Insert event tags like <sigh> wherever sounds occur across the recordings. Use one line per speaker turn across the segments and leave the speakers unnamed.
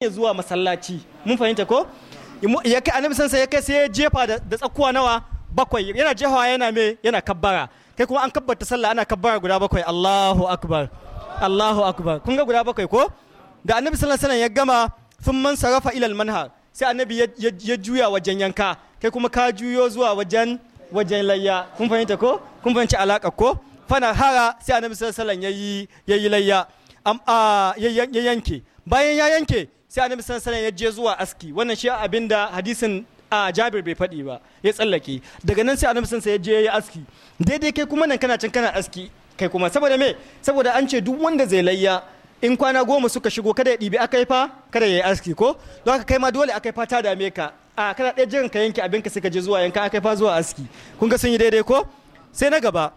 ya zuwa masallaci mun fahimta ko ya kai annabi sansa ya kai sai ya jefa da tsakuwa nawa bakwai yana jefawa yana me yana kabbara kai kuma an kabbata sallah ana kabbara guda bakwai Allahu akbar Allahu akbar kun ga guda bakwai ko da annabi sallallahu alaihi wasallam ya gama sun man sarafa ilal manhar sai annabi ya juya wajen yanka kai kuma ka juyo zuwa wajen wajen layya kun fahimta ko kun fahimci alaka ko fana hara sai annabi sallallahu alaihi wasallam yayi yayi layya am a ya bayan ya yanke sai annabi sallallahu alaihi ya je zuwa aski wannan shi abin da hadisin a jabir bai faɗi ba ya tsallake daga nan sai annabi sallallahu alaihi ya je ya aski daidai kai kuma nan kana can kana aski kai kuma saboda me saboda an ce duk wanda zai layya in kwana goma suka shigo kada ya ɗibi aka fa kada ya yi aski ko don haka kai ma dole aka fa ta dame ka a kana ɗaya jiran ka yanke abin ka suka je zuwa yanka aka fa zuwa aski kun ga sun yi daidai ko sai na gaba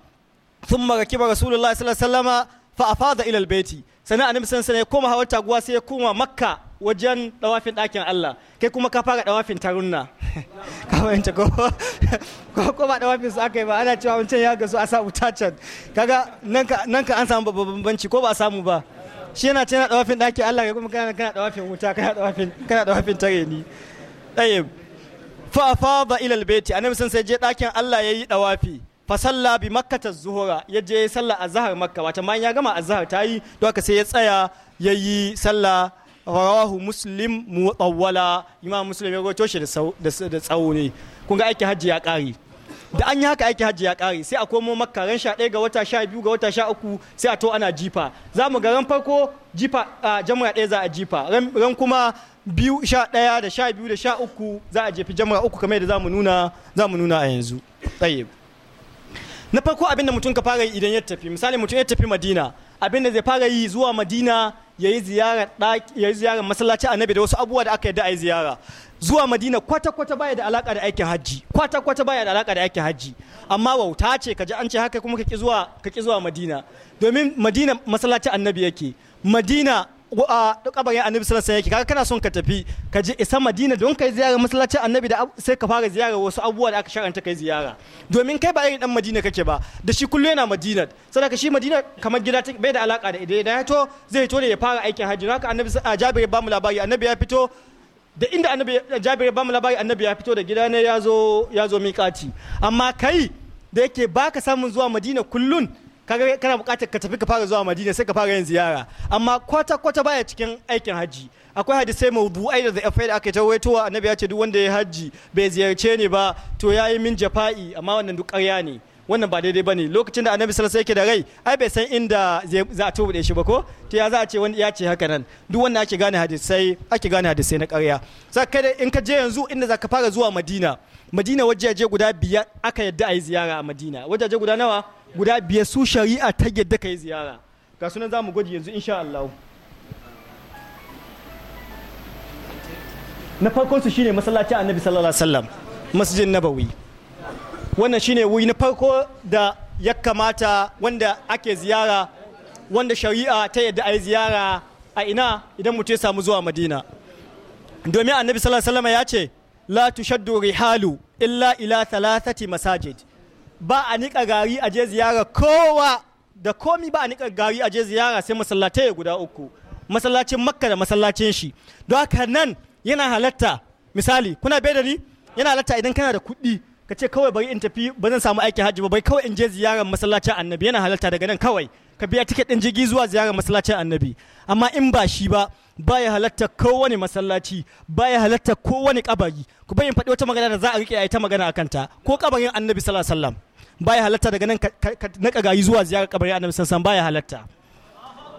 sun mara kiba rasulullahi sallallahu alaihi wasallama fa afada ila albayti sannan annabi sun alaihi ya koma hawar taguwa sai ya koma makka wajen dawafin ɗakin Allah kai kuma ka fara dawafin tarunna <laughs> ka fahimta <laughs> ko ko ba dawafin su aka yi ba ana cewa wancan ya gasu a sa wuta can kaga nan ka an samu babban banci ko ba a samu ba shi yana cewa dawafin ɗakin Allah kai kuma kana kana dawafin wuta kana dawafin kana dawafin tare ni tayyib fa fa ba ilal baiti annabi sun sai je ɗakin Allah yayi dawafi fasalla bi makkata zuhura ya je sallah azhar makka wata ma ya gama azhar ta yi to haka sai ya tsaya ya yi sallah rawahu muslim muwawwala imam muslim ya rawaito shi da tsawo ne kun ga aiki hajji ya kare da an yi haka aiki hajji ya kare sai a komo makka ran sha ɗaya ga wata sha biyu ga wata sha uku sai a to ana jifa za mu ga ran farko jifa a jama'a ɗaya za a jifa ran kuma biyu sha ɗaya da sha biyu da sha uku za a jefi jama'a uku kamar yadda za mu nuna a yanzu tsaye na farko abinda mutum ka fara yi idan ya tafi misali mutum ya tafi madina abinda zai fara yi zuwa madina ya yi ziyarar ziyarar masallaci annabi da wasu abubuwa da aka yadda a yi ziyara zuwa madina kwata-kwata baya da alaka da aikin hajji kwata-kwata baya da alaka da aikin hajji amma wauta ce ka ji an ce haka kuma ka ki zuwa madina domin madina masallaci annabi yake madina kabarin annabi sallallahu alaihi wasallam kana son ka tafi ka je isa madina don kai ziyara masallacin annabi da sai ka fara ziyara wasu abubuwa da aka sharanta kai ziyara domin kai ba irin dan madina kake ba da shi kullu yana madina ka shi madina kamar gida bai da alaka da idan ya to zai to da ya fara aikin hajji haka annabi jabiri ba mu labari annabi ya fito da inda annabi jabiri ba bamu labari annabi ya fito da gida ne ya zo ya zo miƙati amma kai da yake baka samun zuwa madina kullun kaga kana bukatar ka tafi ka fara zuwa madina sai ka fara yin ziyara amma kwata kwata baya cikin aikin hajji akwai hadisai mawdu'ai da zai da aka wa annabi ya ce duk wanda ya hajji bai ziyarce ni ba to yayi min jafa'i amma wannan duk ƙarya ne wannan ba daidai bane lokacin da annabi sallallahu alaihi wasallam yake da rai ai bai san inda za a da shi ba ko to ya za a ce wanda ya ce haka nan duk wannan ake gane hadisai ake gane hadisai na ƙarya za kai in ka je yanzu inda za ka fara zuwa madina madina wajaje guda biyar aka yadda a yi ziyara a madina wajaje guda nawa guda biyar su shari'a ta yadda ka yi ziyara ga sunan za mu gwaji yanzu insha Allah na farkon su shine masallaci annabi sallallahu alaihi wasallam masjidin nabawi wannan shine wuri na farko da ya kamata wanda ake ziyara wanda shari'a ta yadda a yi ziyara a ina idan mutum ya samu zuwa madina domin annabi sallallahu alaihi wasallam ya ce la tushaddu rihalu illa ila thalathati masajid ba a niƙa gari a je ziyara kowa da komi ba a niƙa gari a je ziyara sai masallatai guda uku masallacin makka da masallacin shi don haka nan yana halatta misali kuna bai da ni yana halatta idan kana da kuɗi ka ce kawai bari in tafi ba zan samu aikin hajji ba bai kawai in je ziyarar masallacin annabi yana halatta daga nan kawai ka biya tiket ɗin jirgi zuwa ziyarar masallacin annabi amma in ba shi ba baya halatta kowane masallaci baya halatta kowane kabari ku bayin faɗi wata magana da za a rike yi ta magana akan ta ko kabarin annabi sallallahu alaihi wasallam baya halatta daga nan na kagayi zuwa ziyarar kabarin annabi sallallahu alaihi wasallam baya halatta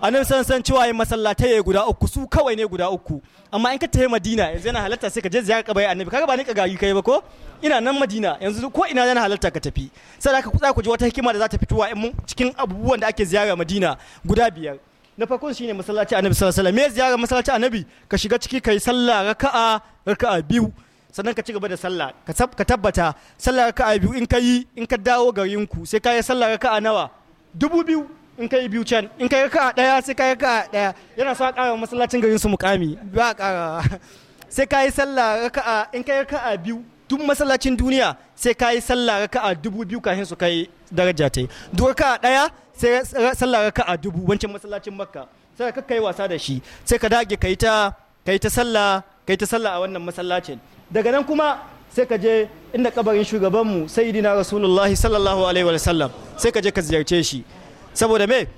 annabi sallallahu alaihi cewa yin masallatai ya guda uku su kawai ne guda uku amma in ka tafi madina yanzu yana halatta sai ka je ziyarar kabarin annabi kaga ba ni kagayi kai ba ko ina nan madina yanzu ko ina yana halatta ka tafi sai ka ku ji wata hikima da za ta fitowa cikin abubuwan da ake ziyara madina guda biyar na shi shine masallaci annabi sallallahu alaihi wasallam me ziyara masallaci annabi ka shiga ciki kai sallah raka'a raka'a biyu sannan ka ci gaba da sallah ka tabbata sallah raka'a biyu in ka yi in ka dawo garinku sai ka yi sallah raka'a nawa dubu biyu in ka yi biyu can in ka yi raka'a daya sai ka yi raka'a daya yana sa ƙara masallacin garin su mukami ba ƙara <laughs> sai ka yi sallah raka'a in ka yi raka'a biyu duk masallacin duniya sai ka yi sallah a dubu biyu kafin su kai daraja ta yi duk a ɗaya sai sallah a dubu wancan masallacin makka sai ka kai wasa da shi sai ka dage ka yi ta kai ta sallah kai ta sallah a wannan masallacin daga nan kuma sai ka je inda kabarin shugabanmu sayyidina rasulullahi sallallahu alaihi wa sallam sai ka je ka ziyarce shi saboda me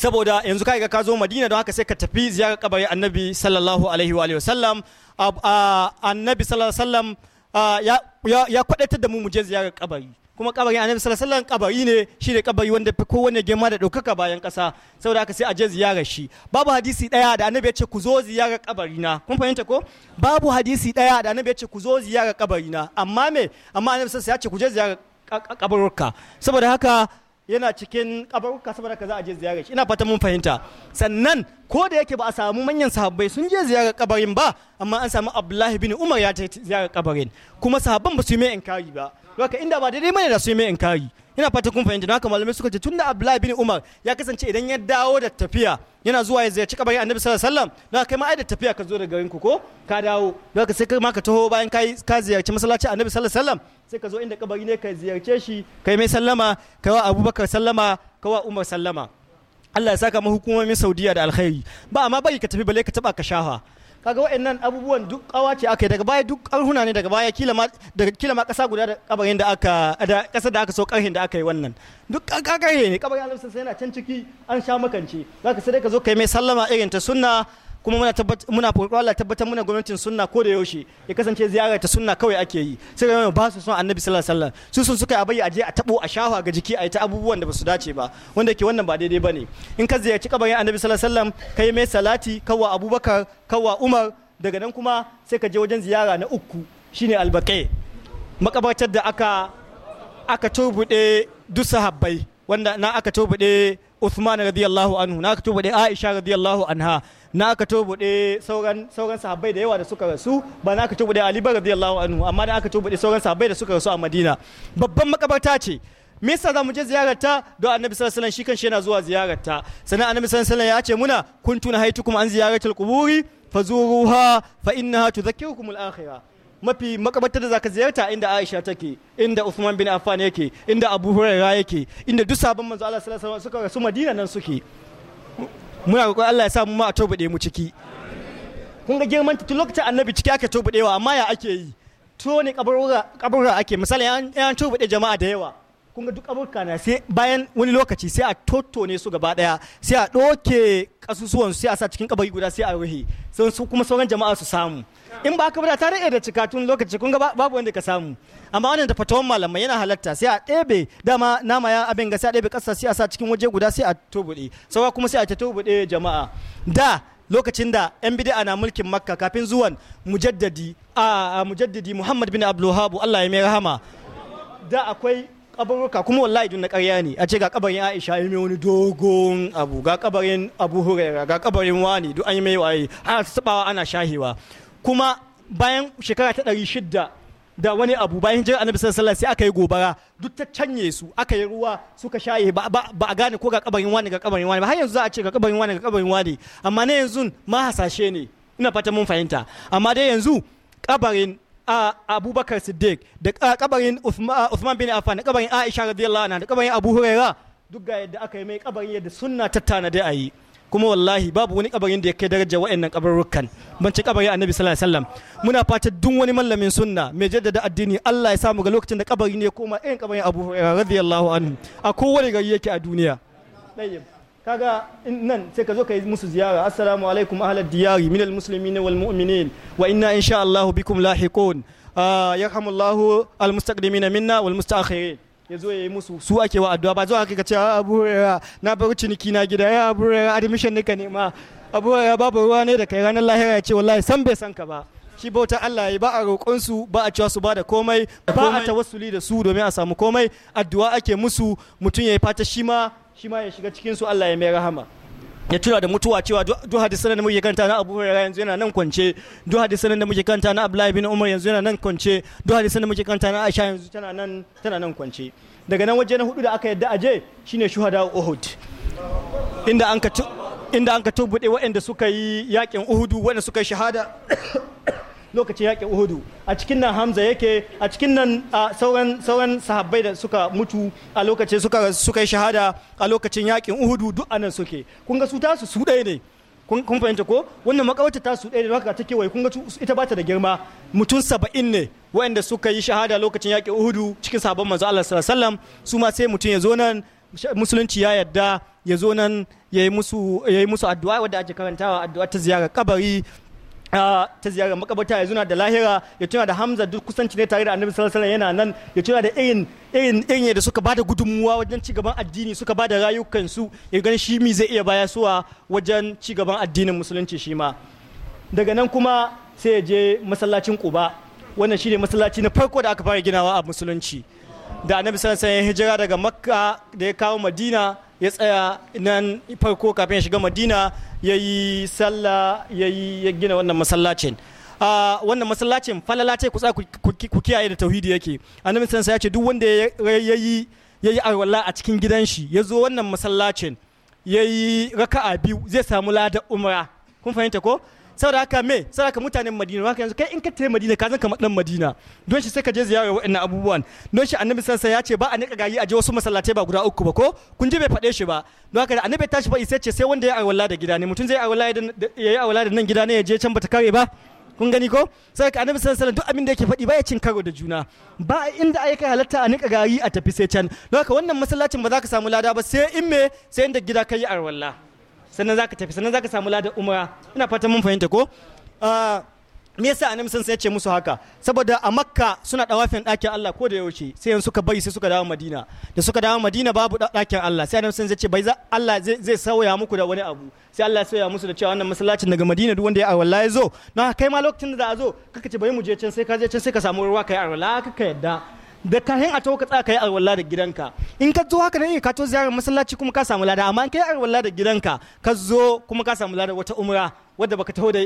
saboda yanzu kai ga ka zo madina don haka sai ka tafi ziyarar kabarin annabi sallallahu alaihi wa sallam annabi sallallahu alaihi wa sallam Ah, ya kwadatar da mu mu je ziyarar kabari kuma kabarin annabi sallallahu alaihi kabari ne shine kabari wanda fi kowanne girma da ɗaukaka bayan ƙasa saboda haka sai a je ziyarar shi babu hadisi ɗaya da annabi ya ce ku zo ziyarar kabari na kun fahimta ko babu hadisi ɗaya da annabi ya ce ku zo ziyarar kabari na amma me amma annabi sallallahu alaihi ya ce ku je ziyarar kabarurka saboda haka yana cikin kabaruka saboda ka za a je ziyara shi ina fata mun fahimta sannan ko da yake ba a samu manyan sahabbai sun je ziyara kabarin ba amma an samu abdullahi bin umar ya ta ziyara kabarin kuma sahabban ba su yi mai inkari ba haka inda ba daidai mai da su yi mai inkari ina fata kun fahimta don haka malamai suka ce tun da abdullahi bin umar ya kasance idan ya dawo da tafiya yana zuwa ya ziyarci kabarin annabi sallallahu alaihi wasallam don kai ma ai da tafiya ka zo da garin ku ko ka dawo don haka sai ma ka taho bayan ka ziyarci masallacin annabi sallallahu alaihi wasallam sai ka zo inda kabari ne ka ziyarce shi kai mai sallama kai wa abubakar sallama kai wa umar sallama Allah ya saka hukumomin Saudiya da alkhairi ba amma bai ka tafi bale ka taba ka shafa kaga waɗannan abubuwan duk kawa ce aka yi daga baya duk karhuna ne daga baya kila ma daga kila ma kasa guda da kabarin da aka da da aka so karhin da aka yi wannan duk kakarhe ne kabarin Allah sai yana can ciki an sha makance zaka sai ka zo kai mai sallama irin ta sunna kuma muna tabbatar muna Allah tabbatar muna gwamnatin sunna ko da yaushe ya kasance ziyara ta sunna kawai ake yi sai ga ba su son annabi sallallahu alaihi wasallam su sun suka abai aje a tabo a shafa ga jiki a yi ta abubuwan da ba su dace ba wanda ke wannan ba daidai bane in ka ziyarci kabarin annabi sallallahu alaihi wasallam kai mai salati kawa abubakar kawa umar daga nan kuma sai ka je wajen ziyara na uku shine albaqai makabartar da aka aka turbude duk sahabbai wanda na aka turbude Uthman radiyallahu anhu na ka tubuɗe Aisha radiyallahu anha na ka tubuɗe sauran sauran sahabbai da yawa da suka rasu ba na ka tubuɗe Ali ba radiyallahu anhu amma na ka tubuɗe sauran sahabbai da suka rasu a Madina babban makabarta ce Mista za mu je ziyararta don annabi sallallahu alaihi shi kanshi yana zuwa ziyararta sannan annabi sallallahu alaihi ya ce muna kuntu na haitukum an ziyaratul quburi fazuruha fa innaha tudhakkirukum al-akhirah mafi makabartar da zaka ziyarta inda Aisha take inda Uthman bin Affan yake inda Abu Hurairah yake inda duk sabon manzo Allah sallallahu alaihi wasallam suka rasu Madina nan suke muna roƙon Allah ya sa mu ma a taubaɗe mu ciki kun ga girman ta lokacin annabi ciki aka taubaɗewa amma ya ake yi to ne kabura ake misali an taubaɗe jama'a da yawa kun ga duk amurka na sai bayan wani lokaci sai a tottone su gaba daya sai a doke kasusuwan sai a sa cikin kabari guda sai a ruhe sun su kuma sauran jama'a su samu in ba ka bada tare da tun lokaci kun ga babu wanda ka samu amma wannan da fatawan malamai yana halatta sai a ɗebe dama nama ya abin ga sai a ɗebe ƙasa sai a sa cikin waje guda sai a tobuɗe sauwa kuma sai a ta tobuɗe jama'a da lokacin da 'yan bid'a na mulkin makka kafin zuwan mujaddadi a mujaddadi muhammad bin abdulhabu allah ya mai rahama da akwai kabarurka kuma wallahi dun na ƙarya ne a ce ga kabarin Aisha yi mai wani dogon abu ga kabarin Abu Huraira ga kabarin wani duk an yi mai waye ana tsabawa ana shahewa kuma bayan shekara ta ɗari shidda da wani abu bayan jira annabi sallallahu sai aka yi gobara duk ta canye su aka yi ruwa suka shaye ba, a gane ko ga kabarin wani ga kabarin wani ba har yanzu za a ce ga kabarin wani ga kabarin wani amma na yanzu ma hasashe ne ina fata mun fahimta amma dai yanzu kabarin abubakar siddiq da kabarin usman bin affan da kabarin aisha radiyallahu anha da kabarin abu huraira duk ga yadda aka yi mai kabarin yadda sunna tattana da yi kuma wallahi babu wani kabarin da ya kai daraja wa'annan kabarurrukan ban ci kabarin annabi sallallahu alaihi wasallam muna fatan duk wani mallamin sunna mai jaddada addini Allah ya samu ga lokacin da kabari ne koma irin kabarin Abu Hurairah radiyallahu anhu a kowane gari yake a duniya kaga nan sai ka zo ka yi musu ziyara assalamu alaikum ahlal diyari minal muslimin wal mu'minin wa inna insha Allah bikum lahiqun ah, yarhamullahu al mustaqdimina minna wal mustaakhirin ya zo ya yi musu su ake wa addu'a ba zo haka ce ah, abu na bar ciniki na gida ya abu admission ne ka nema abu babu ruwa ne da kai ranar lahira ya ce wallahi san bai san ka ba shi bauta Allah ya ba a roƙon su ba a cewa su ba da komai ba a tawassuli da su domin a samu komai addu'a ake musu mutum ya yi fata shi ma shi ma ya shiga cikin su Allah ya mai rahama ya tuna da mutuwa cewa duk hadisan da muke kanta na Abu Hurairah yanzu yana nan kwance duk hadisan da muke kanta na Abdullahi bin Umar yanzu yana nan kwance duk hadisan da muke kanta na Aisha yanzu tana nan tana nan kwance daga nan waje na hudu da aka yadda aje shine shuhada Uhud inda an ka inda an ka tubbude waɗanda suka yi yakin Uhud waɗanda suka yi shahada lokacin yaƙin uhudu a cikin nan hamza yake a cikin nan sauran sauran sahabbai da suka mutu a lokacin suka suka yi shahada a lokacin yaƙin uhudu duk anan suke kun ga su tasu su ɗaya ne kun fahimta ko wannan makawarta ta su ɗaya ne haka take wai kun ga ita bata da girma mutum saba'in ne waɗanda suka yi shahada lokacin yaƙin uhudu cikin sahabban manzo Allah sallallahu alaihi wasallam su ma sai mutum ya zo nan musulunci ya yarda ya zo nan ya yi musu addu'a wadda ake karantawa addu'a ta ziyarar kabari Ah, ta ziyarar makabarta ya zuna da lahira ya tuna da hamza duk kusanci ne tare da annabi sallallahu yana nan ya tuna da irin irin irin da suka bada gudunmuwa wajen gaban addini suka bada rayukan su ya gani shi mi zai iya baya suwa wajen ci gaban addinin musulunci shi ma daga nan kuma sai ya je masallacin quba wannan shine masallaci na farko da aka fara ginawa a musulunci da annabi sallallahu alaihi ya hijira daga makka da ya kawo madina ya tsaya nan farko kafin ya shiga madina ya yi sallah ya yi gina wannan masallacin wannan masallacin falala ce kusa ku kiyaye da tauhidi yake annabi sansa ya ce duk wanda ya yi ya yi arwala a cikin gidan shi ya zo wannan masallacin ya yi raka'a biyu zai samu lada umra kun fahimta ko saboda haka me saboda haka mutanen madina haka yanzu kai in ka tare madina ka zan madan madina don shi sai ka je ziyara wa'annan abubuwan don shi annabi sansa ya ce ba a nika gayi a je wasu masallatai ba guda uku ba ko kun ji bai faɗe shi ba don haka annabi tashi ba sai ce sai wanda ya awalla da gida ne mutum zai yi da yayi awalla da nan gida ne ya je can bata kare ba kun gani ko sai ka annabi sallallahu alaihi duk abin da yake faɗi baya cin karo da juna ba inda ai kai halatta a nika gari a tafi sai can don haka wannan masallacin ba za ka samu lada ba sai in me sai inda gida kai arwalla sannan za ka tafi sannan za ka samu ladar umra ina fatan mun fahimta ko ah, me yasa annabi sun sai ce musu haka saboda a makka suna dawafin ɗakin Allah ko da yaushe sai yanzu suka bai sai suka dawo madina da suka dawo madina babu ɗakin Allah sai annabi sun sai ce bai Allah zai sauya muku da wani abu sai Allah ya sauya musu da cewa wannan masallacin daga madina duk wanda ya arwala ya zo na kai ma lokacin da za a zo kaka ce bai mu je can sai ka je can sai ka samu ruwa kai arwala kaka yadda da kayan a tawo ka yi a walla da gidanka in ka zo haka ne ka to ziyarar masallaci kuma ka samu lada amma in a walla da gidanka ka zo kuma ka samu lada wata umra wadda baka taho da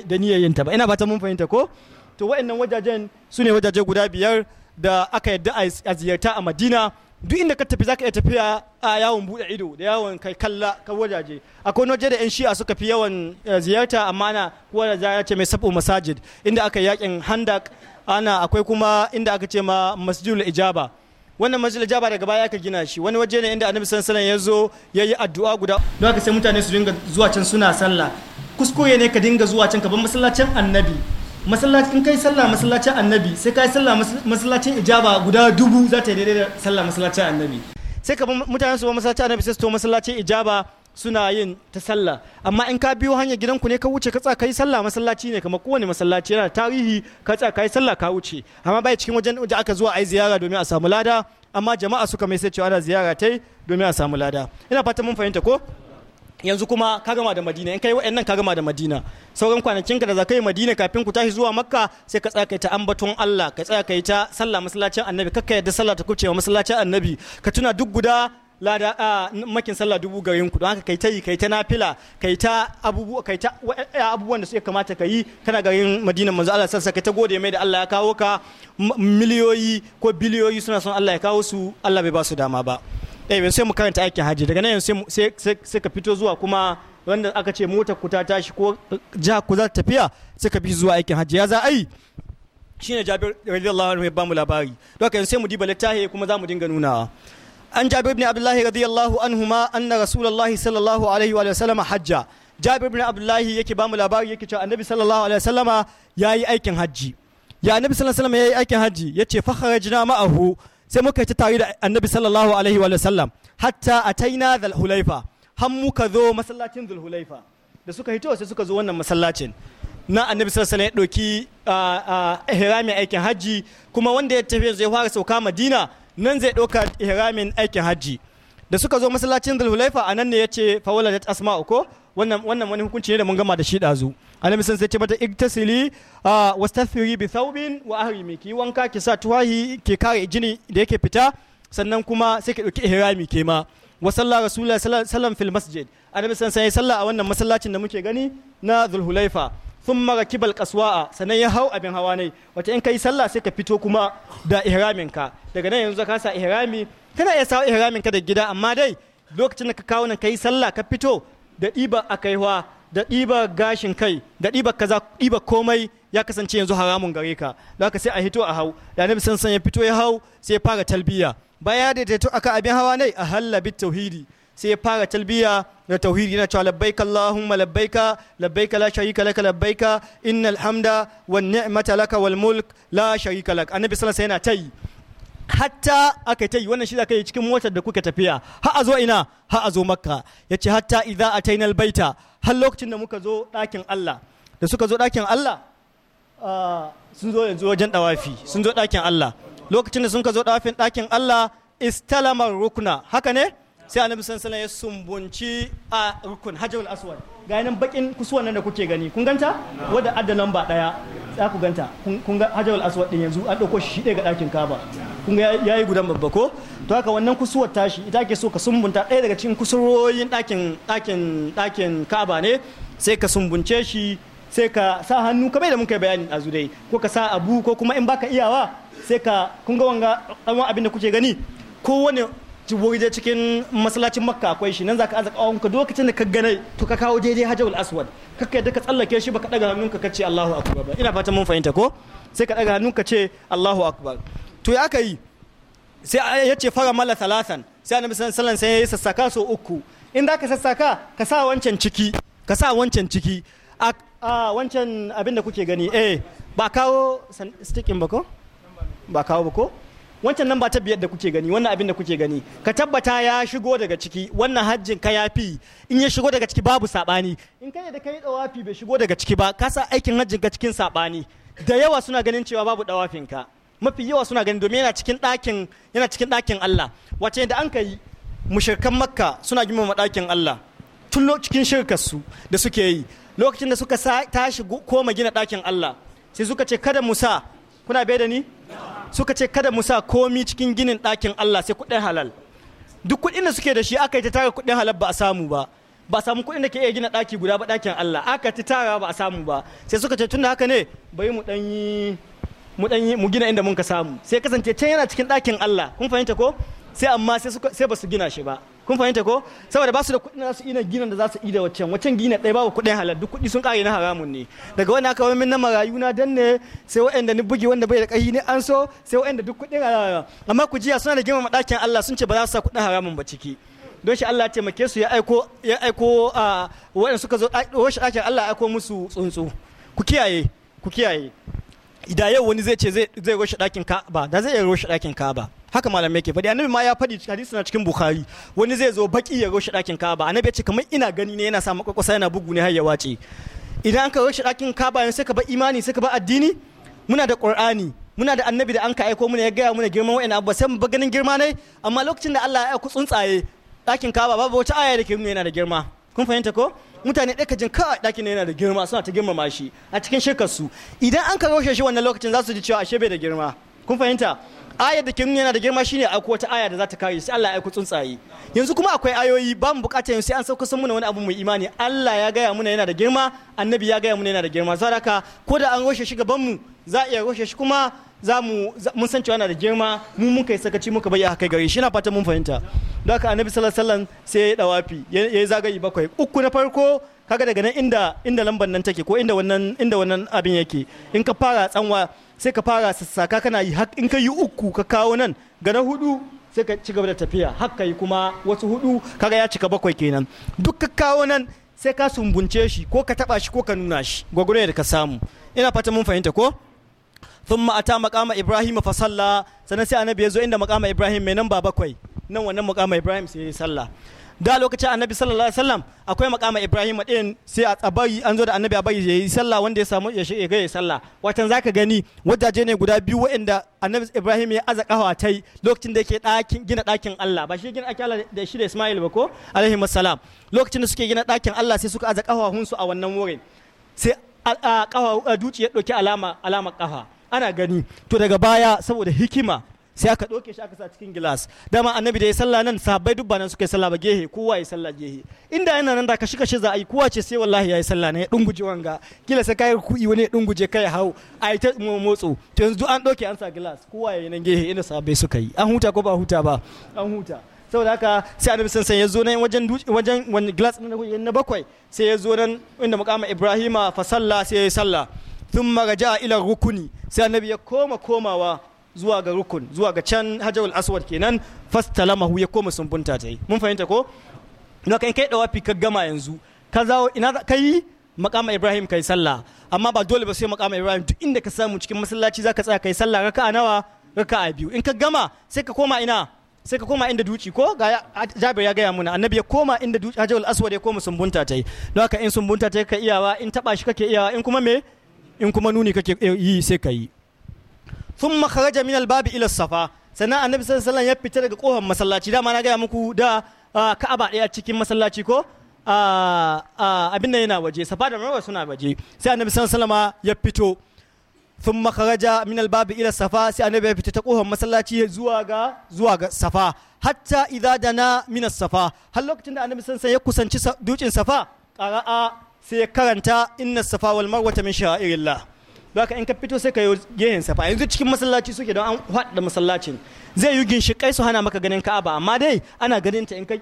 ta ba ina ta mun fahimta ko to wa'annan wajajen su ne wajaje guda biyar da aka yadda a ziyarta a madina duk inda ka tafi zaka iya tafiya a yawon buɗe ido da yawon kai kalla ka wajaje akwai wani waje da yan shi'a suka fi yawan eh, ziyarta amma ana kowa da ce mai sabo masajid inda aka yakin handak ana akwai kuma inda aka ce ma masjidul ijaba wannan masjidul ijaba daga baya aka gina shi wani waje ne inda annabi sallallahu alaihi wasallam ya zo yayi addu'a guda don aka sai mutane su dinga zuwa can suna sallah kuskure ne ka dinga zuwa can ka bar masallacin annabi masallacin kai sallah masallacin annabi sai kai sallah masallacin ijaba guda dubu za ta yi daidai da sallah masallacin annabi sai ka bar mutane su bar masallacin annabi sai su to masallacin ijaba suna yin ta sallah amma in ka biyo hanyar gidanku ne ka wuce ka tsaka yi sallah masallaci ne kamar kowane masallaci yana tarihi ka tsaka yi sallah ka wuce amma bai cikin wajen da aka zuwa a yi ziyara domin a samu lada amma jama'a suka mai sai cewa ana ziyara tai domin a samu lada ina fata mun fahimta ko yanzu kuma ka gama da madina in kai wa'annan ka gama da madina sauran kwanakin ka da za ka yi madina kafin ku tashi zuwa makka sai ka tsaya kai ta ambaton Allah ka tsaya kai ta sallah masallacin annabi kakka yadda sallah ta kuce wa masallacin annabi ka tuna duk guda lada makin sallah dubu garin ku don haka kai ta yi kai ta nafila kai ta abubuwa kai ta abubuwan da suke kamata ka yi kana garin madinan manzo Allah sansa kai ta gode mai da Allah ya kawo ka miliyoyi ko biliyoyi suna son Allah ya kawo su Allah bai ba su dama ba eh sai mu karanta aikin haji daga nan sai sai ka fito zuwa kuma wanda aka ce mota ku ta tashi ko eh, jiha ku za ta tafiya sai ka bi zuwa aikin haji ya za ai shine Jabir radiyallahu anhu ya bamu labari don haka sai mu diba littafi kuma za mu dinga nunawa an jabir ibn abdullahi radiyallahu anhuma anna rasulullahi sallallahu alaihi wa sallama hajja jabir ibn abdullahi yake bamu labari yake cewa annabi sallallahu alaihi wa sallama yayi aikin hajji ya annabi sallallahu alaihi wa yayi aikin hajji yace fa kharajna ma'ahu sai muka ci tare da annabi sallallahu alaihi wa sallam hatta ataina dhul hulaifa har muka zo masallacin dhul hulaifa da suka hito sai suka zo wannan masallacin na annabi sallallahu alaihi wa sallam ya doki ah, ah, ihrami aikin hajji kuma wanda ya tafi zai fara sauka madina nan zai ɗauka ihramin aikin hajji da suka zo masallacin zulhulaifa a nan ne ya ce fawala da asma'u ko wannan wannan wani hukunci ne da mun gama da shi ɗazu annabi sun sai ce mata iktasili wastafiri bi thawbin wa ahrimi ki wanka ki sa tuwahi ke kare jini da yake fita sannan kuma sai ki ɗauki ihrami ke ma wa sallah rasulullahi sallallahu alaihi wasallam fil masjid annabi sun sai sallah a wannan masallacin da muke gani na zulhulaifa sun mara kibal qaswa'a sannan ya hau abin hawa ne wata in yi sallah sai ka fito kuma da ihramin ka daga nan yanzu ka sa ihrami kana iya sawa ihramin ka da gida amma dai lokacin da ka kawo nan yi sallah ka fito da ɗiba kaiwa da ɗiba gashin kai da ɗiba kaza ɗiba komai ya kasance yanzu haramun gare ka ka sai a hito a hau da nabi san ya fito ya hau sai ya fara talbiya baya ya daidaito aka abin hawa ne a halla bit tauhidi sai ya fara talbiya da tauhidi yana cewa labbaika allahumma labbaika labbaika la sharika laka labbaika innal hamda wan ni'mata laka wal mulk la sharika lak annabi sallallahu alaihi wasallam yana tayi hatta aka ta wannan shi aka yi cikin motar da kuke tafiya ha a zo ina ha a zo makka ya ce hatta idza ataina albaita har lokacin da muka zo ɗakin Allah da suka zo ɗakin Allah sun zo yanzu wajen dawafi sun zo ɗakin Allah lokacin da sun ka zo dawafin ɗakin Allah istalamar rukna haka ne sai annabi sallallahu ya sumbunci a rukun hajarul aswad ga nan bakin kusuwan nan da kuke gani kun ganta wadda adda lamba daya za ku ganta kun ga hajarul aswad din yanzu an dauko shi daga ɗakin kaba kun ga yayi gudan babba ko to haka wannan kusuwar tashi ita ke so ka sumbunta ɗaya daga cikin kusurorin ɗakin ɗakin ɗakin kaba ne sai ka sumbunce shi sai ka sa hannu ka bai da muka yi bayani a dai ko ka sa abu ko kuma in baka iyawa sai ka kun ga wanga abin da kuke gani kowane waje cikin masallacin makka akwai shi nan za ka aza kawon ka lokacin da ka ganai to ka kawo daidai hajjal aswad kakka yadda ka tsallake shi baka daga hannun ka kace Allahu akbar ba ina fatan mun fahimta ko sai ka daga ka ce Allahu akbar to ya aka yi sai ya ce fara mala talatan sai annabi sallallahu alaihi wasallam sai ya sassaka so uku in da ka sassaka ka sa wancan ciki ka sa wancan ciki a wancan abin da kuke gani eh ba kawo stickin ba ko ba kawo ba ko wancan nan ba ta biyar da kuke gani wannan abin da kuke gani ka tabbata ya shigo daga ciki wannan hajjin ka yafi in ya shigo daga ciki babu sabani in kai da kai dawafi bai shigo daga ciki ba ka sa aikin hajjin ka cikin sabani da yawa suna ganin cewa babu dawafin ka mafi yawa suna ganin domin yana cikin ɗakin yana cikin ɗakin Allah wace da an kai mushrikan makka suna girmama ɗakin Allah Tullo cikin shirkar su da suke yi lokacin da suka tashi koma gina ɗakin Allah sai suka ce kada musa kuna bai da ni suka ce kada mu sa komi cikin ginin ɗakin Allah sai kuɗin halal duk kuɗin da suke da shi aka yi ta tara kuɗin halal ba a samu ba ba samu kuɗin da ke iya gina ɗaki guda ba ɗakin Allah aka ta tara ba a samu ba sai suka ce tun da haka ne bai mu ɗan yi mu ɗan yi mu gina inda mun ka samu sai kasance can yana cikin ɗakin Allah kun fahimta ko sai amma sai ba su gina shi ba kun fahimta ko saboda ba su da kuɗin su ina ginin da za su ida waccan waccan gina ɗaya babu kuɗin halal duk kuɗi sun ƙare na haramun ne daga wani aka wani na marayu na danne sai da ni bugi wanda bai da ƙahi ni an so sai da duk kuɗin halal amma ku jiya suna da girmama ɗakin Allah sun ce ba za su sa kuɗin haramun ba ciki don shi Allah ya taimake su ya aiko ya aiko waɗanda suka zo washe ɗakin Allah ya aiko musu tsuntsu ku kiyaye ku kiyaye idan yau wani zai ce zai rushe ɗakin ka ba da zai iya roshe ɗakin ba. haka malamai ke faɗi annabi ma ya faɗi hadisi na cikin bukhari wani zai zo baki ya roshe ɗakin kaba annabi ya ce kamar ina gani ne yana sa makwakwasa yana bugu ne har ya wace idan ka roshe ɗakin kaba yanzu sai ka ba imani sai ka ba addini muna da qur'ani muna da annabi da an ka aiko muna ya gaya muna girman wa'in abu sai mu ba ganin girma ne amma lokacin da Allah ya aiko tsuntsaye ɗakin kaba babu wata aya da ke nuna yana da girma kun fahimta ko mutane ɗaya jin kawai ɗakin yana da girma suna ta girmama shi a cikin shirkar su idan an ka roshe shi wannan lokacin za su ji cewa ashe bai da girma kun fahimta ayar da ke nuna yana da girma shine akwai wata aya da za ta kare sai Allah ya aiko tsuntsaye yanzu kuma akwai ayoyi ba mu bukata yanzu sai an sauka san muna wani abu mai imani Allah ya gaya muna yana da girma annabi ya gaya muna yana da girma zaraka ko da an roshe shi gaban mu za iya roshe shi kuma za mu mun san cewa yana da girma mu mun kai sakaci muka bayyana kai gare shi na fata mun fahimta don haka annabi sallallahu alaihi wasallam sai ya dawafi ya zagayi bakwai uku na farko kaga daga nan inda inda lamban nan take ko inda wannan inda wannan abin yake in ka fara tsanwa sai ka fara sassaka kana yi in ka yi uku ka kawo nan gana huɗu hudu sai ka ci gaba da tafiya haka yi kuma wasu hudu kaga ya cika bakwai kenan duk ka kawo nan sai ka sumbunce shi ko ka taba shi ko ka nuna shi gwagwaro da ka samu ina fata mun fahimta ko ثم أتى مقام إبراهيم فصلى سنسي أنا بيزو عند مقام إبراهيم mai نمبر بكوي nan نمبر ibrahim sai سي salla da lokacin annabi sallallahu alaihi wasallam akwai makama ibrahim din sai a tsabari an zo da annabi a bari yayi sallah wanda ya samu ya shiga yayi sallah watan zaka gani wajaje ne guda biyu waɗanda annabi ibrahim ya aza kawa tai lokacin da yake ɗakin gina ɗakin Allah ba shi gina ɗakin Allah da shi da Ismail ba ko alaihi salam lokacin da suke gina ɗakin Allah sai suka aza kawahun hunsu a wannan wurin sai a kawa duci ya ɗauki alama alama kafa ana gani to daga baya saboda hikima sai aka ɗauke shi aka sa cikin gilas dama annabi da ya sallah nan sahabbai duk nan suka yi sallah ba gehe kowa ya sallah gehe inda yana nan da kashi shi za a yi kowa ce sai wallahi ya yi sallah ne ya dunguje wanga kila sai kai kuɗi wani ya dunguje kai ya hau a yi ta motsu to yanzu an ɗauke an sa gilas kowa ya yi nan gehe inda sahabbai suka yi an huta ko ba huta ba an huta saboda haka sai annabi sun san ya zo nan wajen wajen wani glass na bakwai sai ya zo nan inda mukama ibrahima fa sallah sai ya yi sallah thumma raja'a ila rukuni sai annabi ya koma komawa zuwa ga rukun zuwa ga can hajarul aswad kenan fastalamahu ya koma sumbunta ta yi mun fahimta ko na kai kai dawafi ka gama yanzu ka zawo ina ka yi makama ibrahim kai sallah amma ba dole ba sai makama ibrahim duk inda ka samu cikin masallaci zaka tsaya kai sallah raka'a nawa raka'a biyu in ka gama sai ka koma ina sai ka koma inda duci ko ga jabir ya gaya muna annabi ya koma inda duci hajjal aswad ya koma sumbunta ta yi don haka in sumbunta ta ka iyawa in taba shi kake iyawa in kuma me in kuma nuni kake yi sai ka yi sun makaraja minal babu ila safa sannan annabi sallallahu ya fita daga kofar masallaci dama na gaya muku da ka'aba ɗaya cikin masallaci ko abin da yana waje safa da marwa suna waje sai annabi sallallahu ya fito sun makaraja min albabi ila safa sai annabi ya fita ta kofar masallaci zuwa ga zuwa ga safa hatta idza dana minas safa har lokacin da annabi sallallahu ya kusanci dutsen safa qara'a sai ya karanta inna safa wal marwa min sha'irillah haka in ka fito sai ka yi gehen safa yanzu cikin masallaci suke don an faɗa masallacin zai yi ginshiƙai su hana maka ganin ka'aba amma dai ana ganin ta in ka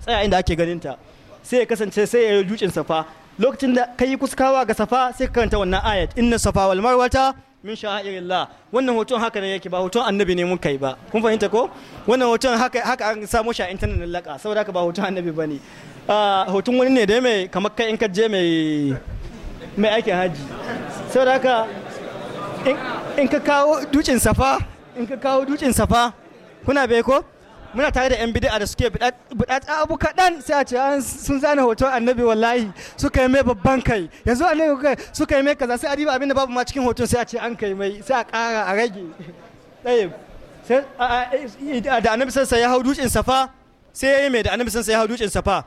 tsaya inda ake ganin ta sai ya kasance sai ya yi jucin safa lokacin da ka yi kuskawa ga safa sai ka karanta wannan ayat inna safa wal marwata min sha'irillah wannan hoton haka ne yake ba hoton annabi ne mun kai ba kun fahimta ko wannan hoton haka haka an samu shi a internet din laka saboda haka ba hoton annabi bane ah, hoton wani ne da mai kamar kai in ka je mai mai aikin haji saboda haka in ka kawo dukin safa in ka kawo dukin safa kuna bai ko muna tare da yan bid'a da suke buɗata abu kaɗan sai a ce sun zana hoto annabi wallahi suka yi mai babban kai yanzu annabi kai suka yi mai kaza sai a diba abinda babu ma cikin hoton sai a ce an kai mai sai a ƙara a rage <laughs> sai da annabi sai ya hau dukin safa sai ya yi mai da annabi sai ya hau dukin safa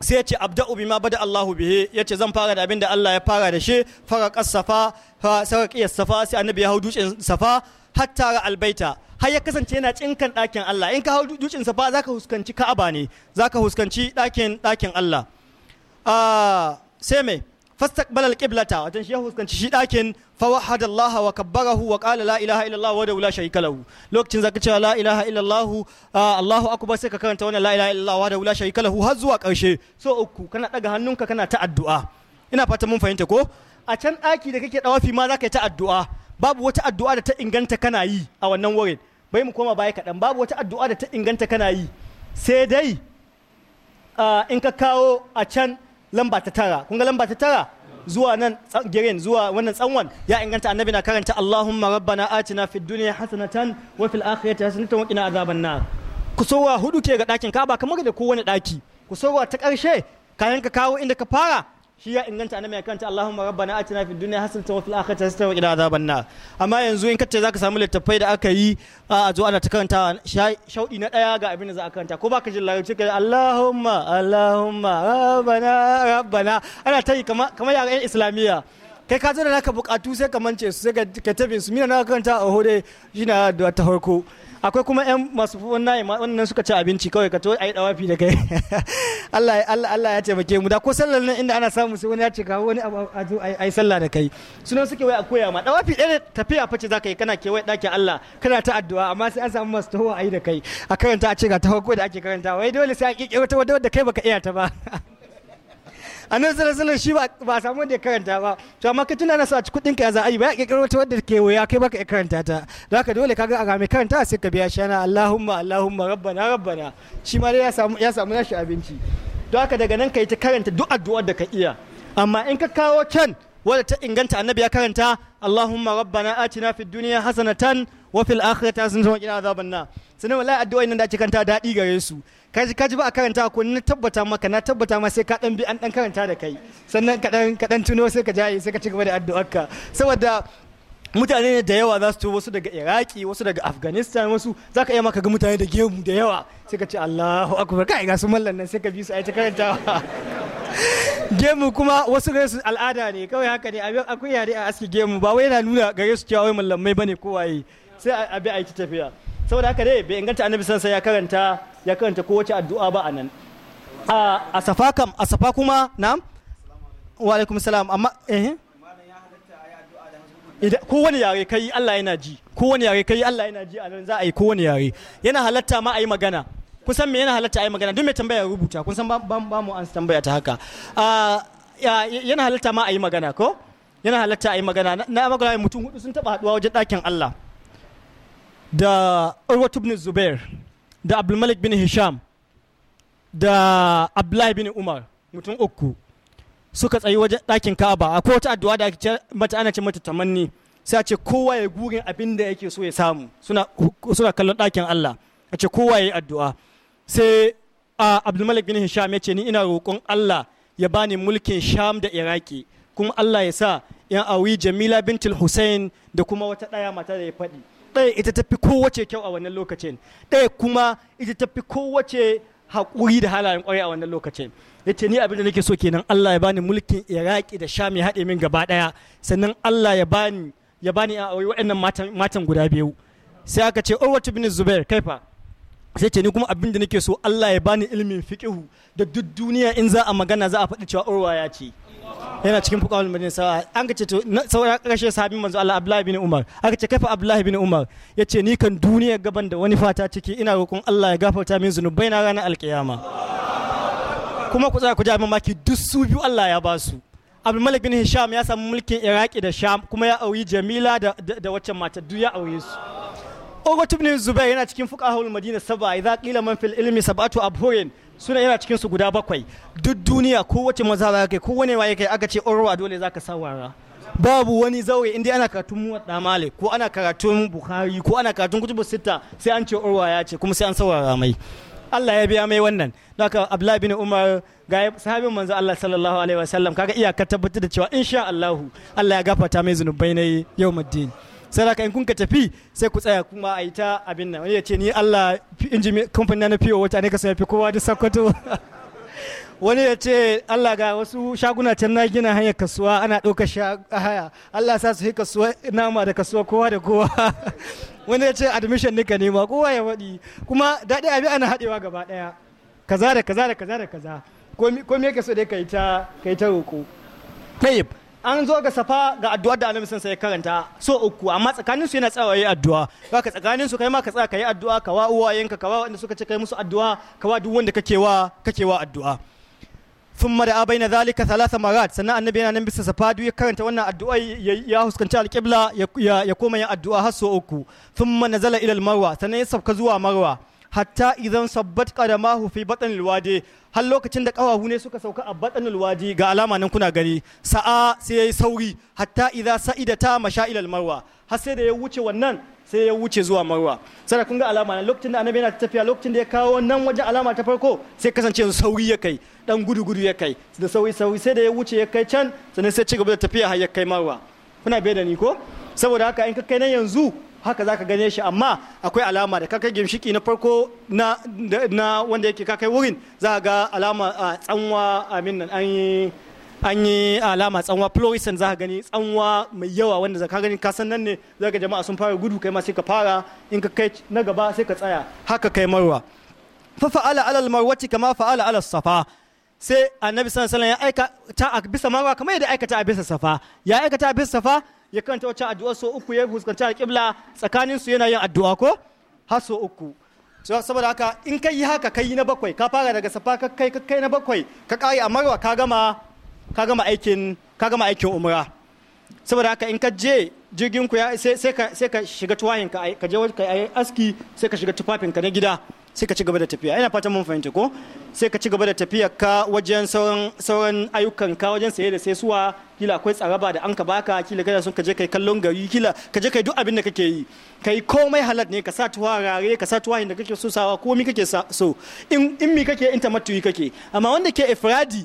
sai ya ce abda'u bima bada Allahu bihi ya ce zan fara da abin da Allah ya fara da shi fara kasafa sarki safa sai annabi ya hau dutsen safa hatta ra albaita har ya kasance yana cinkan ɗakin Allah in ka hau dutsen safa zaka huskanci Ka'aba ne zaka huskanci ɗakin ɗakin Allah ah, sai me فاستقبل القبلة wajen shi ya fuskanci shi dakin fa وكبره وقال wa اله الا الله la ilaha illallah wa لو كنت lahu lokacin اله الا la ilaha illallah Allahu كانت sai ka karanta الله la ilaha illallah wa har zuwa karshe so uku kana daga hannunka kana ta addu'a ina fata mun fahimta ko a can daki da kake dawafi ma zaka yi ta babu wata addu'a da ta inganta kana yi a wannan wurin bai mu koma baya kaɗan babu wata addu'a da ta inganta kana yi sai dai in ka kawo a can lamba ta tara kun ga lamba ta tara zuwa nan girin zuwa wannan tsanwan ya inganta annabi na karanta Allahumma rabbana atina fid dunya hasanatan wa fil akhirati hasanatan wa qina azaban nar kusowa hudu ke ga dakin ba kamar da kowane daki kusowa ta karshe kayan ka kawo inda ka fara shi ya inganta annabi ya kanta Allahumma rabbana atina fid dunya hasanatan wa fil akhirati hasanatan wa qina adhaban nar amma yanzu in kace zaka samu littafai da aka yi a zo ana ta karanta shaudi na daya ga abin da za a karanta ko baka jin larabci kai Allahumma Allahumma rabbana rabbana ana ta yi kamar kamar yaran islamiyya kai ka zo da naka bukatu sai ka mance su sai ka tabe su mina na karanta a hore shi na da ta farko akwai kuma yan masu wannan wannan suka ci abinci kawai ka to ai dawafi da kai <laughs> Allah Allah Allah ya taimake mu da ko sallar nan inda ana samu sai wani ya ce kawo wani abu a zo ai sallah da kai sunan suke wai a koya ma dawafi ɗaya tafiya face zaka yi kana kewaye ɗakin Allah kana ta addu'a amma sai an samu masu tawo ai da kai a karanta a ce ga tawo ko da ake karanta wai dole sai a kike wata wadda kai baka iya ta ba <laughs> annabi sallallahu alaihi shi ba samu wanda ya karanta ba to amma ka tuna na su a ci kudin ka za a yi ba ya kirkiro wata wadda ke wuya kai baka karanta ta ka dole kaga a mai karanta sai ka biya shana Allahumma Allahumma rabbana rabbana shi ma dai ya samu ya samu nashi abinci to haka daga nan ka yi ta karanta duk addu'ar da ka iya amma in ka kawo can wadda ta inganta annabi ya karanta Allahumma rabbana atina fid dunya hasanatan wa fil akhirati hasanatan wa qina adhaban nar sanan wallahi addu'ar nan da ake kanta daɗi gare su kaji kaji ba a karanta ko na tabbata maka na tabbata ma sai ka dan bi an dan karanta da kai sannan ka dan ka dan tuno sai ka jaye sai ka ci gaba da ka saboda mutane ne da yawa za su wasu daga iraki wasu daga afghanistan wasu za ka iya maka ga mutane da gemu da yawa sai ka ce allahu akbar kai ga su mallan nan sai ka bi su a ta karantawa <laughs> gemu kuma wasu gare su al'ada ne kawai haka ne akwai yare a aski gemu ba wai yana nuna gare su cewa wai mallamai bane kowaye sai a bi aiki tafiya saboda haka dai bai inganta annabi sansa ya karanta ya karanta kowace addu'a ba a nan a safa kam a safa kuma na wa alaikum salam amma eh kowane yare kai Allah yana ji kowane yare kai Allah yana ji a nan za a yi kowane yare yana halatta ma a yi magana kun san me yana halatta a yi magana don me tambaya rubuta kun san ba mu an tambaya ta haka yana halatta ma a yi magana ko yana halatta a yi magana na magana mutum hudu sun taba haduwa wajen dakin Allah da Urwatu ibn Zubair da abdulmalik bin hisham da abdullahi bin umar mutum uku suka tsayi wajen ɗakin ka'aba a wata addu'a da ake mata ana ce mata tamanni sai a ce kowa ya gurin abin da yake so ya samu suna kallon ɗakin Allah a ce kowa ya yi addu'a sai a abdulmalik bin hisham ya ce ni ina roƙon Allah ya bani mulkin sham da iraki kuma Allah ya sa yan awi jamila bintul hussein da kuma wata ɗaya mata da ya faɗi ɗaya ita tafi kowace kyau a wannan lokacin ɗaya kuma ita tafi kowace haƙuri da halayen ƙwarai a wannan lokacin ya ce ni abin da nake so kenan Allah ya bani mulkin Iraki da Sham ya haɗe min gaba ɗaya sannan Allah ya bani ya bani a aure waɗannan matan guda biyu sai aka ce Urwatu bin Zubair kaifa sai ce ni kuma abin da nake so Allah ya bani ilimin fiqihu da duk duniya in za a magana za a faɗi cewa urwa ya ce yana cikin fuqahul madina sawa an ga ce to saura karshe sahabi manzo Allah Abdullahi bin Umar aka ce kaifa Abdullahi bin Umar yace ni kan duniya gaban da wani fata ciki ina roƙon Allah ya gafarta min zunubai na ranar alkiyama kuma ku tsaya ku ji mamaki duk su biyu Allah ya ba su Abdul Malik bin Hisham ya samu mulkin Iraki da Sham kuma ya auri Jamila da waccan mata duk ya aure su Ogot ibn Zubair yana cikin fuqahul Madina saba idza qila man fil ilmi sab'atu abhurin suna yana cikin su guda bakwai duk duniya ko wace maza za kai ko wani waye kai aka ce urwa dole zaka sawara babu wani zaure inda ana karatun muwadda malik ko ana karatun bukhari ko ana karatun kutubu sita sai an ce urwa ya ce kuma sai an sawara mai Allah ya biya mai wannan haka Abdullahi bin Umar ga sahabin manzo Allah sallallahu alaihi wasallam kaga iyakar tabbatar da cewa insha Allah Allah ya gafarta mai zanubai ne yau maddin sai ka in kun ka tafi sai ku tsaya kuma a yi ta abin nan wani ya ce ni Allah inji kamfani na fiyo wata ne ka sanya fi kowa da sakwato <laughs> wani ya ce Allah ga wasu shaguna can na gina hanyar kasuwa ana ɗaukar haya Allah sa su yi kasuwa nama da kasuwa kowa da kowa <laughs> wani ya ce admission nika nema kowa ya waɗi kuma daɗi abi ana haɗewa gaba ɗaya kaza da kaza da kaza da kaza ko me ka so dai ka yi ta roƙo. an zo ga safa ga addu'a da annabi sai karanta so uku amma tsakanin su yana tsawaye yayi addu'a ka tsakanin su kai ma ka tsaya kai addu'a ka wa uwayenka ka wa wanda suka ce kai musu addu'a ka wa duk wanda kake wa kake wa addu'a thumma da abaina zalika thalatha marat sannan annabi yana nan bisa safa duk ya karanta wannan addu'a ya huskanci alqibla ya koma yin addu'a har so uku thumma nazala ila almarwa sannan ya sauka zuwa marwa hatta idan sabbat qadamahu fi batnil wadi har lokacin da kawahu ne suka sauka a batnil wadi ga alama nan kuna gani sa'a sai yayi sauri hatta idza sa'idata mashailal marwa har sai da ya wuce wannan sai ya wuce zuwa marwa sai kun ga alama nan lokacin da annabi yana tafiya lokacin da ya kawo nan wajen alama ta farko sai kasance yanzu sauri ya kai dan gudu gudu ya kai da sauri sauri sai da ya wuce ya kai can sannan sai ci gaba da tafiya har ya kai marwa kuna bai da ni ko saboda haka in ka kai nan yanzu haka ka gane shi amma akwai alama da kakai gimshiki na farko na na wanda yake kakai wurin za ga alama a tsanwa amin nan an yi an yi alama tsanwa fluorescent za ka gani tsanwa mai yawa wanda za ka gani ka san nan ne za ka jama'a sun fara gudu kai ma sai ka fara in ka kai na gaba sai ka tsaya haka kai marwa fa fa'ala alal marwati kama fa'ala alal safa sai annabi sallallahu alaihi wasallam ya aika ta a bisa marwa kamar yadda aikata a bisa safa ya aikata a bisa safa ya kanta wacce addu'a so uku ya fuskanci alƙibla tsakanin su yana yin addu'a ko har so uku saboda haka in kai yi haka kai na bakwai ka fara daga safa ka kai ka kai na bakwai ka kai a marwa ka gama ka gama aikin ka gama aikin umra saboda haka in ka je jirgin ku ya sai ka sai ka shiga tuwahin ka ka je ka aski sai ka shiga tufafin ka na gida sai ka ci gaba da tafiya ina fatan mun fahimta ko sai ka ci gaba da tafiya ka wajen sauran ayyukan ka wajen saye da sai suwa kila akwai tsaraba da an ka baka kila kana sun ka je kai kallon gari kila ka je kai duk abin da kake yi kai komai halal ne ka sa rare ka sa tuwa da kake so sawa komai kake so in in mi kake in tamattuyi kake amma wanda ke ifradi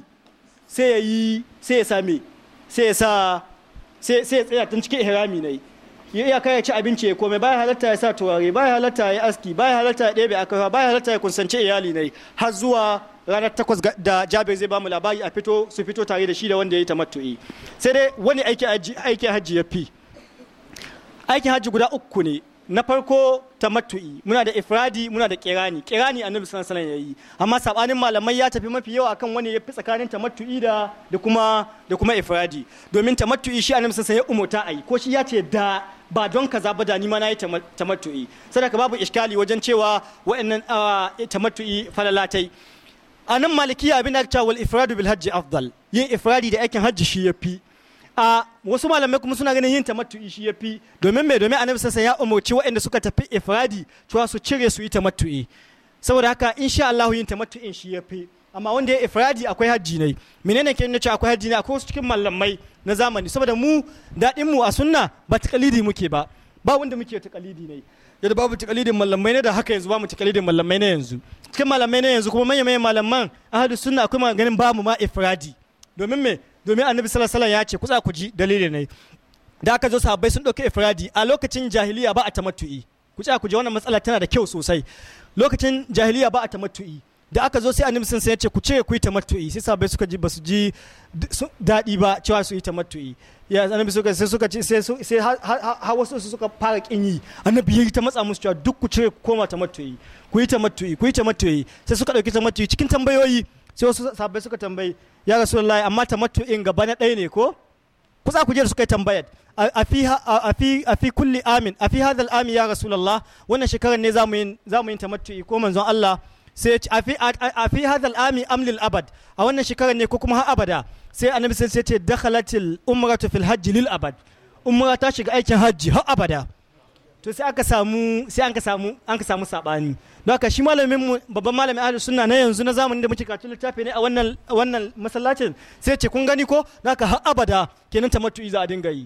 sai ya yi sai ya same sai ya sa sai ya tsaya tun cikin ihrami ne ya iya kai ya ci abinci ya komai baya halatta ya sa turare baya halatta ya aski baya halatta ya ɗebe akai baya halatta ya kunsance iyali ne har zuwa ranar takwas da jabir zai bamu labari a fito su fito tare da shi da wanda ya yi tamattu'i sai dai wani aiki hajji ya fi aikin hajji guda uku ne na farko tamattu'i muna da ifradi muna da kirani kirani a sallallahu alaihi ya yayi amma sabanin malamai ya tafi mafi yawa akan wani ya fi tsakanin tamattu'i da da kuma da kuma ifradi domin tamattu'i shi a sallallahu alaihi ya umuta ayi ko shi ya ce da ba don kaza ba da ni ma nayi tamattu'i sadaka babu iskali wajen cewa wa'annan ah, tamattu'i falalatai a nan malikiya bin da wal ifradu bil hajji afdal yin ifradi da aikin hajji shi yafi a wasu malamai kuma suna ganin yin tamattu'i shi yafi domin me domin annabi sassan ya umarci waɗanda suka tafi ifradi cewa su cire su yi tamattu'i saboda haka insha Allah yin tamattu'in shi yafi amma wanda ya ifradi akwai hajji ne menene ke nuna cewa akwai hajji ne akwai wasu cikin mallamai na zamani saboda mu daɗin mu a sunna ba taqalidi muke ba ba wanda muke kalidi ne yadda babu kalidin mallamai ne da haka yanzu ba mu kalidin mallamai ne yanzu cikin mallamai ne yanzu kuma manyan manyan malaman ahadu sunna akwai maganin ba mu ma ifradi domin me domin annabi sallallahu alaihi wasallam ya ce kusa ku ji dalili ne da aka zo sahabbai sun ɗauki ifradi a lokacin jahiliya ba a tamattu'i ku ci ku ji wannan matsala tana da kyau sosai lokacin jahiliya ba a tamattu'i da aka zo sai annabi sun ya ce ku ce ku yi ta matu'i sai sabai suka ji su ji daɗi ba cewa su yi matu'i ya annabi suka sai suka ce sai sai ha wasu su suka fara kin yi annabi yayi ta matsa musu cewa duk ku ce ku koma matu'i ku yi ta matu'i ku yi ta matu'i sai suka dauki matu'i cikin tambayoyi sai wasu sabai suka tambayi ya rasulullahi amma ta matu'in gaba na ɗaya ne ko kusa ku je da suka yi tambayar a fi kulli amin a fi hadal amin ya rasulullahi wannan shekarar ne za mu ta matu'i ko manzon Allah sai a fi hadal al'ami amlil abad a wannan shekarar ne ko kuma har abada sai annabi sai ce halatil umratu fil hajji lil abad umra ta shiga aikin hajji har abada to sai aka samu sai an ka samu an ka samu sabani don haka shi malamin mu babban malamin ahlus sunna na yanzu na zamanin da muke karatu littafi ne a wannan wannan masallacin sai ce kun gani ko don haka har abada kenan tamattu'i iza a dinga yi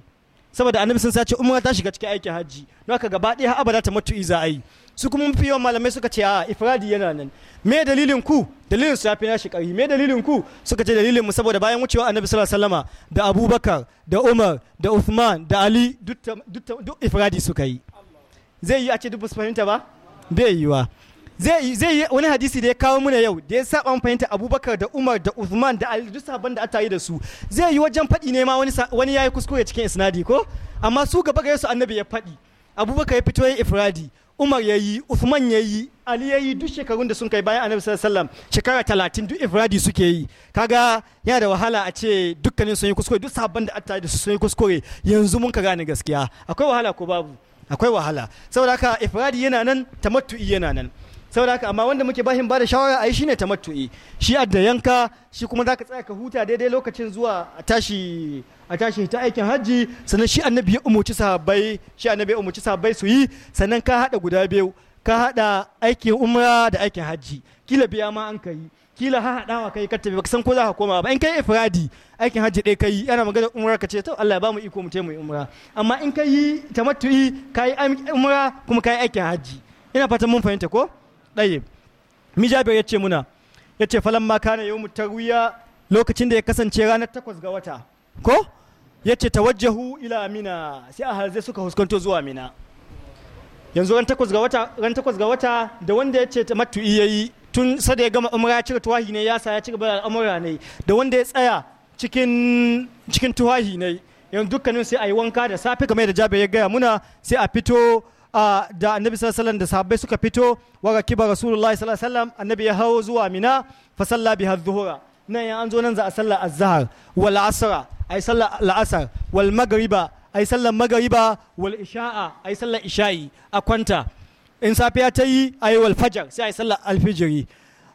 saboda annabi sun sace umma ta shiga cikin aikin hajji don haka gaba ɗaya za ta mutu iza yi su kuma mafi yawan malamai suka ce a ifradi yana nan me dalilin ku dalilin su yafi nashi ƙari me dalilin ku suka ce dalilin mu saboda bayan wucewa annabi sallallahu alaihi da abubakar da umar da uthman da ali duk ifradi suka yi zai yi a ce duk fahimta ba bai yiwa zai yi wani hadisi da ya kawo muna yau da ya saba mu fahimta Abubakar da Umar da Uthman da Ali duk sabon da aka yi da su zai yi wajen faɗi ne ma wani wani yayi kuskure cikin isnadi ko amma su gaba gare su annabi ya faɗi Abubakar ya fito ya ifradi Umar ya yi Uthman ya yi Ali ya yi duk shekarun da sun kai bayan annabi sallallahu alaihi wasallam shekara talatin duk ifradi suke yi kaga yana da wahala a ce dukkanin sun yi kuskure duk sabon da aka yi da su sun yi kuskure yanzu mun ka gane gaskiya akwai wahala ko babu akwai wahala saboda haka ifradi yana nan tamattu'i yana nan saboda haka amma wanda muke bahin ba da shawara a yi shine matu’i shi adda yanka shi kuma za ka tsaya ka huta daidai lokacin zuwa a tashi a tashi ta aikin hajji sannan shi annabi ya umarci sahabbai shi annabi ya umarci sahabbai su yi sannan ka hada guda biyu ka hada aikin umra da aikin hajji kila biya ma an ka yi kila ha haɗawa kai ka tafi baka san ko za ka koma ba in kai ifradi aikin hajji dai kai ana magana umra ka ce to Allah ya mu iko mu taimaka umra amma in kai tamattu'i kai umra kuma kai aikin hajji ina fatan mun fahimta ko ɗaya mi ya ce muna ya ce falon maka kana yau tarwiya lokacin da ya kasance ranar takwas ga wata ko ya ce ta tawajjahu ila amina sai a halzai suka huskanto zuwa mina yanzu ran takwas ga wata ran takwas ga wata da wanda ya ce matu-i iya yi tun sada ya gama umra ya cika tuwahi ne ya sa ya cika bala al'amura ne da wanda ya tsaya cikin cikin tuwahi ne yanzu dukkanin sai a yi wanka da safe kamar da jabe ya gaya muna sai a fito Ah, da annabi sallallahu da sahabbai suka fito wa kiba rasulullahi sallallahu alaihi annabi ya hawo zuwa mina fa salla biha dhuhra nan ya an zo nan za a sallar azhar wal asra ai sallar la'asar wal magriba ai sallar magriba wal isha'a ai sallar isha'i a kwanta in safiya ta yi ai wal fajar sai ai sallar alfijiri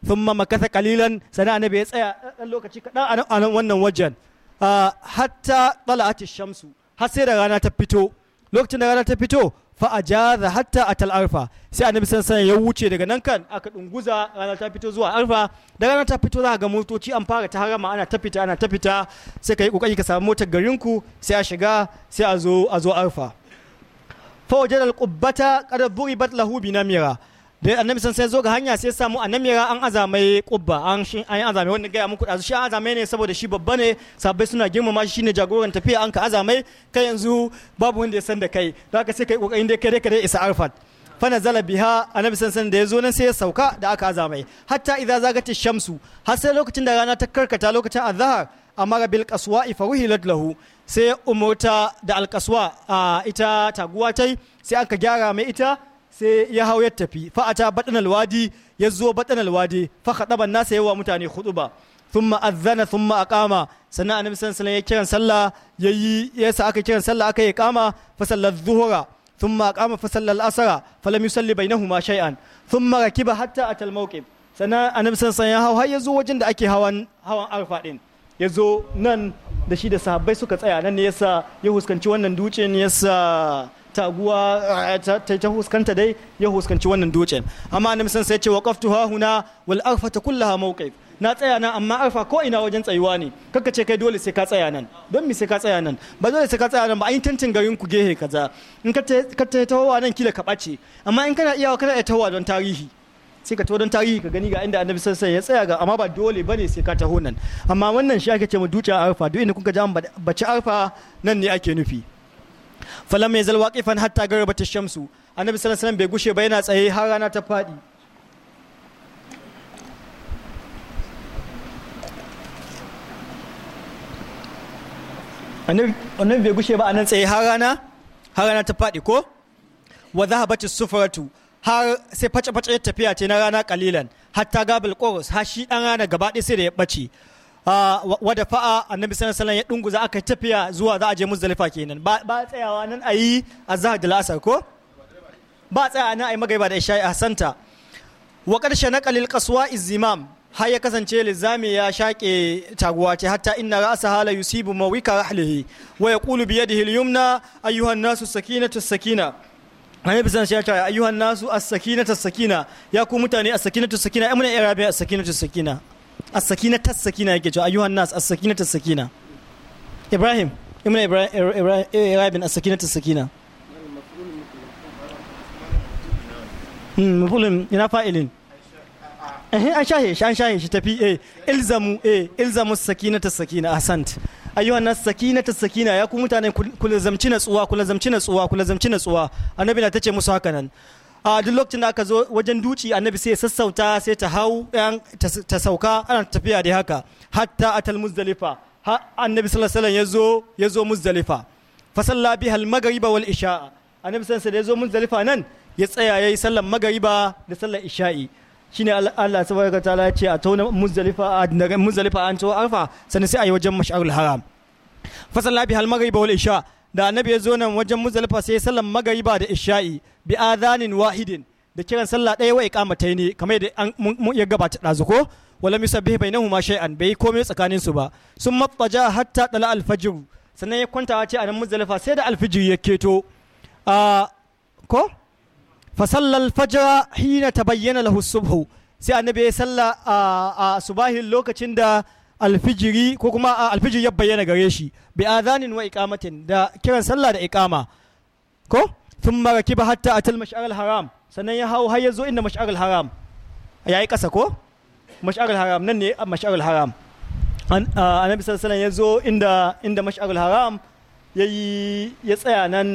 thumma makatha qalilan sana annabi ya tsaya dan lokaci kadan a nan wannan wajen ah, hatta tala'at shamsu har sai da rana ta fito lokacin da rana ta fito fa da hatta a tal arfa sai annabi sansan ya wuce daga nan kan aka dunguza rana ta fito zuwa arfa da rana ta fito za ga motoci an fara ta harama ana ta fita ana ta fita sai ka yi kokari ka samu motar garinku sai a shiga sai a zo a zo arfa fa alƙubbata qubbata buri buribat lahu binamira da annabi san sai zo ga hanya sai samu annabi ya an azamai kubba an shi an azamai wanda ga muku dazu shi an azamai ne saboda shi babba ne sabai suna girmama shi shine jagoran tafiya an ka azamai kai yanzu babu wanda ya san da kai don haka sai kai kokarin dai kai dai isa arfat fana zala biha annabi san san da ya zo nan sai ya sauka da aka azamai hatta idza zagati shamsu har sai lokacin da rana ta karkata lokacin azhar amara bil qaswa fa ruhilat lahu sai umurta da al a ita taguwa tai sai aka gyara mai ita sai ya hau ya tafi fa ata badan alwadi ya zo badan alwadi fa khadaban nasa yawa mutane khutuba thumma adhana thumma aqama sannan annabi sallallahu alaihi wasallam ya kiran sallah ya yi yayi sa aka kiran sallah aka yi kama fa sallat dhuhra thumma aqama fa sallal asra falam yusalli bainahuma shay'an thumma rakiba hatta atal mawqif sannan annabi sallallahu alaihi wasallam ya hau har ya zo wajen da ake hawan hawan arfa din ya zo nan da shi da sahabbai suka tsaya nan ne ya sa ya huskanci wannan dutsen sa. taguwa eh, ta ta huskanta dai ya huskanci wannan dutsen amma annabi san sai ce wa qaftu ha huna wal arfa ta kullaha mawqif na tsaya nan amma arfa ko ina wajen tsayuwa ne kaka ce kai dole sai ka tsaya nan don me sai ka tsaya nan ba dole sai ka tsaya nan ba an yi tantin garin ku gehe kaza in ka ta tawowa nan kila ka ɓace amma in kana iyawa kana iya tawowa don tarihi sai ka taho don tarihi ka gani ga inda annabi sai ya tsaya ga amma ba dole bane sai ka taho nan amma wannan shi ake ce mu dukiya arfa duk inda kuka ja an bace arfa nan ne ake nufi falam mai zalwa kifan hatta gara bata shamsu annabi sallallahu alaihi bai gushe ba yana tsaye har rana ta fadi annabi bai gushe ba anan tsaye har rana har rana ta fadi ko wa zahabatu sufratu har sai face-face tafiya ce na rana kalilan hatta gabal qurs har shi dan rana gaba ɗaya sai da ya bace Ah, wada fa'a annabi sallallahu alaihi ya dunguza aka tafiya zuwa za a je muzdalifa kenan ba ba tsayawa nan ayi azhar da la'asar ko ba tsaya nan ayi magaiba da isha'i hasanta wa karshe na qalil qaswa izimam har ya kasance lizami ya shaƙe taguwa ce hatta inna ra'sa hala yusibu mawika rahlihi wa yaqulu bi yadihi al-yumna ayyuhan nasu sakinatu sakina annabi san shi ya ce ayyuhan nasu as-sakinatu sakina ya ku mutane as-sakinatu sakina ai mun iya rabi as-sakinatu sakina as-sakina tas-sakina yake cewa ayyuhan nas as-sakina tas-sakina ibrahim ibn ibrahim ibrahim as-sakina tas-sakina mafulin ina fa'ilin an shahe shi an shahe shi tafi eh ilzamu eh ilzamu as sakina ahsant ayyuhan nas as sakina ya ku mutane kulazamci natsuwa tsuwa natsuwa kulazamci natsuwa annabi na tace musu haka nan a duk lokacin da aka zo wajen duci annabi sai sassauta sai ta hau ta sauka ana tafiya da haka hatta atal muzdalifa har annabi sallallahu alaihi wasallam ya zo muzdalifa fa salla biha al maghriba wal isha'a annabi sallallahu alaihi wasallam ya zo muzdalifa nan ya tsaya yayi sallar magariba da sallar isha'i shine Allah subhanahu wataala ya ce a tauna muzdalifa a daga muzdalifa an to arfa sannan sai a yi wajen mash'arul haram fa salla biha al maghriba wal isha'a da annabi ya zo nan wajen muzalfa sai sallan magariba da isha'i bi adhanin wahidin da kiran sallah ɗaya wa iqamatai ne kamar da mun iya gabata dazu ko wala misabbih bainahuma shay'an bai komai tsakanin su ba sun mafaja hatta dala alfajr sannan ya kwanta ce a nan muzalfa sai da alfijir ya keto a ko fa sallal fajra hina tabayyana lahu subhu sai annabi ya salla a subahin lokacin da alfijiri ko kuma alfijiri ya bayyana gare shi bi adhanin wa iqamatin da kiran sallah da iqama ko thumma rakiba hatta atal mash'ar haram sannan ya hau har ya zo inda mash'ar haram yayi kasa ko mash'ar haram nan ne mash'ar haram annabi sallallahu alaihi ya zo inda inda mash'ar haram yayi ya tsaya nan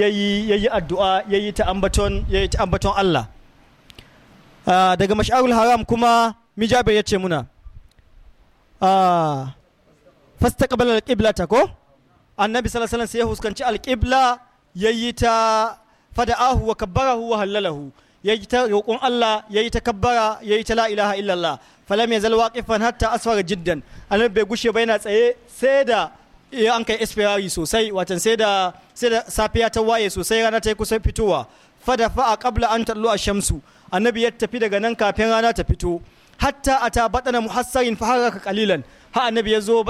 yayi yayi addu'a yayi ta ambaton yayi ta ambaton Allah daga mash'arul haram kuma mijabir ya ce muna Ah. fastaqbala alqiblata ko annabi sallallahu alaihi sai ya huskanci alqibla yayi ta fada'ahu wa kabbarahu wa halalahu yayi ta roƙon Allah yayi ta kabbara yayi ta la ilaha illallah falam yazal waqifan hatta aswara jiddan annabi bai gushe ba yana tsaye sai da an kai expirari sosai watan sai da sai da safiya ta waye sosai rana ta yi kusan fitowa fada fa'a qabla an tallu ash-shamsu annabi ya tafi daga nan kafin rana ta fito hatta ata batana muhassarin fa haraka qalilan ha annabi yazo